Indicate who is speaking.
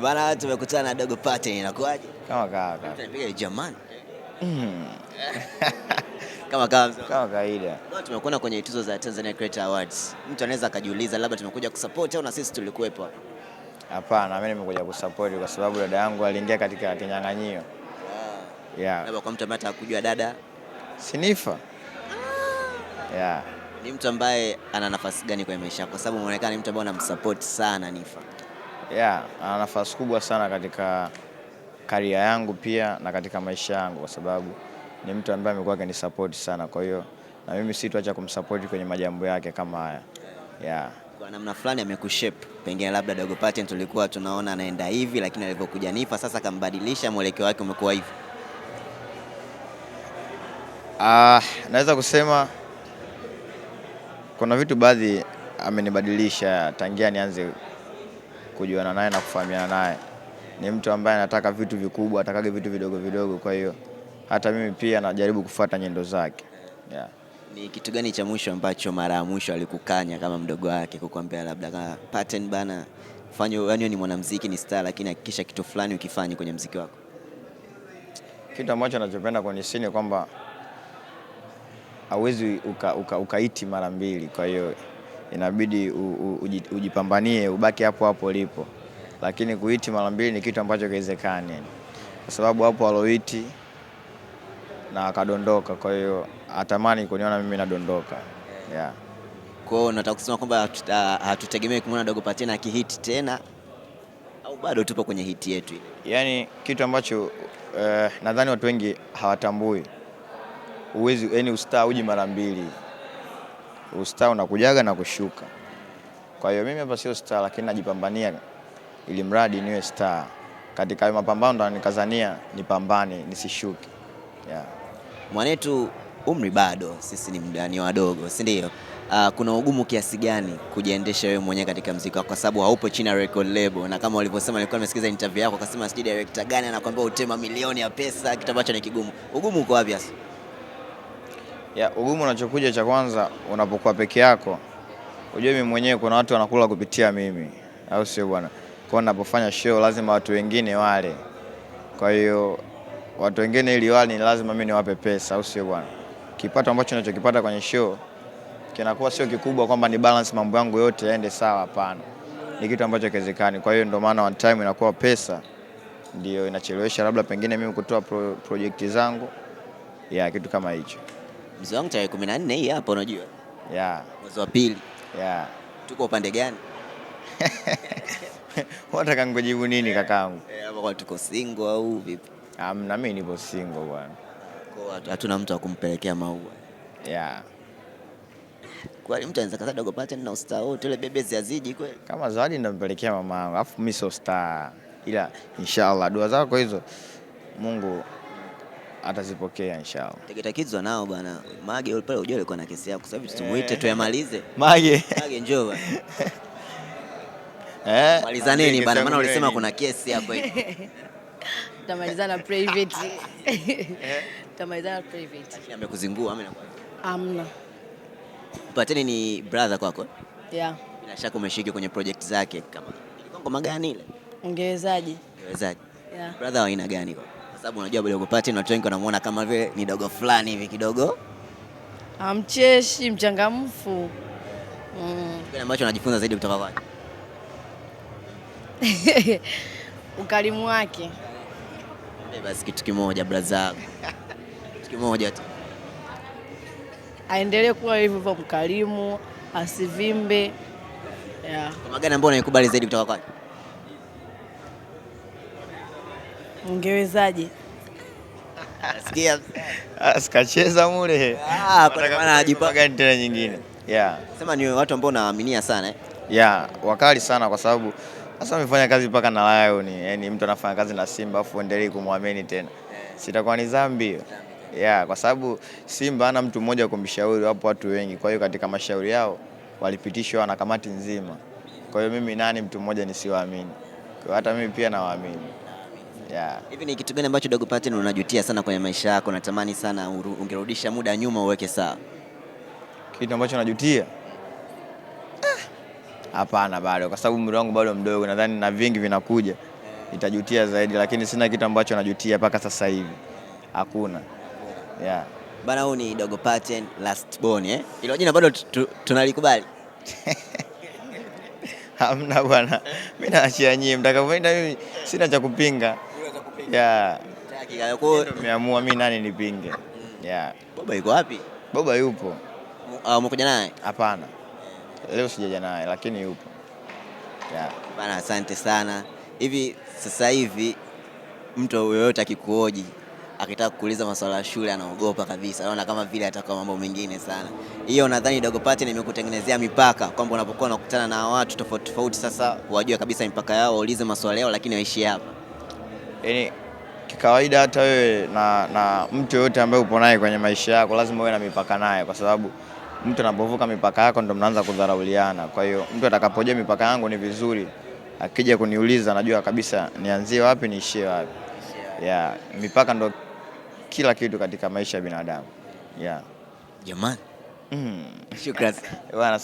Speaker 1: Bana, tumekutana na Dogo Pattern, inakuaje?
Speaker 2: Hmm. Kama kawaida.
Speaker 1: Tunapiga jamani. Mm. Kama kawaida.
Speaker 2: Kama kawaida.
Speaker 1: Tumekuona kwenye tuzo za Tanzania Creator Awards. Mtu anaweza akajiuliza labda tumekuja kusupport au na sisi tulikuwepo.
Speaker 2: Hapana, mimi nimekuja kusupport kwa sababu dada yangu aliingia katika kinyang'anyio. Ah. Yeah.
Speaker 1: Labda kwa mtu ambaye atakujua dada
Speaker 2: Sinifa. Ah. Yeah.
Speaker 1: Ni mtu ambaye ana nafasi gani kwenye maisha? Kwa sababu unaonekana ni mtu ambaye unamsupport sana Nifa
Speaker 2: yeah, ana nafasi kubwa sana katika karia yangu pia na katika maisha yangu, kwa sababu ni mtu ambaye amekuwa akinisapoti sana. Kwa hiyo na mimi tuacha kumsapoti kwenye majambo yake kama haya yeah.
Speaker 1: Kwa namna fulani amekushape, pengine labda Dogo Patent tulikuwa tunaona anaenda hivi, lakini alivyokuja Niffer sasa akambadilisha mwelekeo wake umekuwa hivi.
Speaker 2: Ah, naweza kusema kuna vitu baadhi amenibadilisha tangia nianze kujuana naye na kufahamiana naye. Ni mtu ambaye anataka vitu vikubwa, atakage vitu vidogo vidogo, kwa hiyo hata mimi pia najaribu kufuata nyendo zake yeah.
Speaker 1: Ni kitu gani cha mwisho ambacho mara ya mwisho alikukanya kama mdogo wake, kukwambia labda pattern bana fanya, yani ni mwanamuziki ni star, lakini hakikisha kitu fulani ukifanye kwenye mziki wako?
Speaker 2: Kitu ambacho anachopenda kwenye sini kwamba hawezi ukaiti uka, uka mara mbili, kwa hiyo inabidi ujipambanie, ubaki hapo hapo ulipo, lakini kuhiti mara mbili ni kitu ambacho kiwezekani, kwa sababu hapo aloiti na akadondoka, kwa hiyo atamani kuniona mimi nadondoka yeah.
Speaker 1: Kwa hiyo nataka kusema kwamba ah, hatutegemei kumwona Dogo Patena akihiti tena au bado tupo kwenye hiti yetu
Speaker 2: ile? Yaani kitu ambacho eh, nadhani watu wengi hawatambui uwezi, yani ustaa uji mara mbili ustaa unakujaga na kushuka. Kwa hiyo mimi hapa sio star, lakini najipambania ili mradi niwe star katika hayo mapambano, ndo nikazania nipambane nisishuke, yeah.
Speaker 1: Mwanetu, umri bado, sisi ni mdani wadogo, si ndio? Uh, kuna ugumu kiasi gani kujiendesha wewe mwenyewe katika mziki wako, kwa sababu haupo chini ya record label, na kama walivyosema, nilikuwa nimesikiza interview yako, akasema sijui director gani anakuambia utema milioni ya pesa, kitu ambacho ni kigumu. Ugumu uko wapi hasa?
Speaker 2: ya ugumu unachokuja cha kwanza, unapokuwa peke yako, unajua mimi mwenyewe kuna watu wanakula kupitia mimi, au sio bwana? Kwa ninapofanya show lazima watu wengine wale, kwa hiyo watu wengine ili wale ni lazima mimi niwape pesa, au sio bwana? Kipato ambacho ninachokipata kwenye show kinakuwa sio kikubwa kwamba ni balance mambo yangu yote yaende sawa, hapana, ni kitu ambacho kiwezekani. Kwa hiyo ndio maana one time inakuwa pesa ndio inachelewesha labda pengine mimi kutoa pro, projekti zangu ya kitu kama hicho
Speaker 1: mzee wangu tarehe 14 hii hapa unajua. Yeah. Mwezi wa pili. Yeah. Tuko upande gani?
Speaker 2: Unataka nikujibu nini kakaangu
Speaker 1: Eh, hapa tuko single au vipi?
Speaker 2: um, ah, na mimi nipo single bwana.
Speaker 1: Kwa hatuna mtu wa kumpelekea maua. Yeah. Kwani mtu anaweza kaza dogo pate na usta wote ile bebe ziaziji kweli?
Speaker 2: Kama zawadi ninampelekea mama yangu, alafu mimi sio star. Ila inshallah dua zako hizo Mungu atazipokea inshallah.
Speaker 1: Tegeta Kids wanao bwana. Mage pale unajua alikuwa na kesi yako kwa sababu tumuite eh. tuyamalize. Mage. Mage njoo bwana. Eh. maliza nini bwana maana ulisema kuna kesi hapo hiyo.
Speaker 3: Tutamalizana private. Eh. Tutamalizana private.
Speaker 1: Amekuzingua ama Amna. Pateni ni brother kwako. Yeah. Bila shaka umeshiriki kwenye project zake kama. Ilikuwa ngoma gani ile?
Speaker 3: Ungewezaje? Ungewezaje? Yeah.
Speaker 1: Brother wa aina gani kwako? sababu unajua Dogo Platini watu wengi wanamuona kama vile ni dogo fulani hivi kidogo
Speaker 3: amcheshi, ah, mchangamfu
Speaker 1: mm. Kile ambacho anajifunza zaidi kutoka kwake
Speaker 3: ukarimu wake.
Speaker 1: Basi kitu kimoja braza, kitu kimoja tu,
Speaker 3: aendelee kuwa hivyo hivyo mkarimu, asivimbe yeah.
Speaker 1: Kama gani ambao unaikubali zaidi kutoka kwake,
Speaker 3: ungewezaje?
Speaker 1: Sikia.
Speaker 2: Asikacheza mule.
Speaker 1: Ah, kwa maana ajipa
Speaker 2: gani tena nyingine. Yeah.
Speaker 1: Sema ni watu ambao naaminia sana eh.
Speaker 2: Yeah, wakali sana kwa sababu sasa amefanya kazi mpaka na Lion, yani eh, mtu anafanya kazi na Simba afu endelee kumwamini tena. Eh. Sitakuwa ni dhambi. Yeah, kwa sababu Simba ana mtu mmoja kumshauri, wapo watu wengi. Kwa hiyo katika mashauri yao walipitishwa na kamati nzima. Kwa hiyo mimi nani mtu mmoja nisiwaamini. Kwa hata mimi pia nawaamini. Yeah.
Speaker 1: Hivi ni kitu gani ambacho Dogo Paten unajutia sana kwenye maisha yako, natamani sana ungerudisha muda nyuma uweke sawa?
Speaker 2: Kitu ambacho najutia ah, hapana, ah, bado kwa sababu umri wangu bado mdogo, nadhani na vingi vinakuja itajutia zaidi, lakini sina kitu ambacho najutia mpaka sasa hivi, hakuna yeah.
Speaker 1: Bana, huu ni Dogo Paten last born eh? Ilo jina bado tunalikubali?
Speaker 2: Hamna bwana, mimi naachia nyie mtakapoenda, mimi sina cha kupinga. Yeah. Nimeamua mimi nani nipinge. Mm.
Speaker 1: Boba yuko wapi?
Speaker 2: Boba yupo. Umekuja ah, naye? Hapana. Leo sijaja naye lakini yupo.
Speaker 1: Bana, asante sana. Hivi sasa hivi mtu yoyote akikuoji akitaka kuuliza masuala ya shule anaogopa kabisa, anaona kama vile atakuwa mambo mengine sana. Hiyo nadhani Dogo Paten imekutengenezea mipaka kwamba unapokuwa unakutana na watu tofauti tofauti, sasa wajue kabisa mipaka yao, waulize maswali yao, lakini waishi hapa
Speaker 2: yani kikawaida hata wewe na, na mtu yoyote ambaye upo naye kwenye maisha yako lazima uwe na mipaka naye, kwa sababu mtu anapovuka mipaka yako ndo mnaanza kudharauliana. Kwa hiyo mtu atakapojua mipaka yangu ni vizuri, akija kuniuliza najua kabisa nianzie wapi niishie wapi. Yeah, mipaka ndo kila kitu katika maisha ya binadamu. Yeah.
Speaker 1: Jamani. Mm. Shukrani. Bwana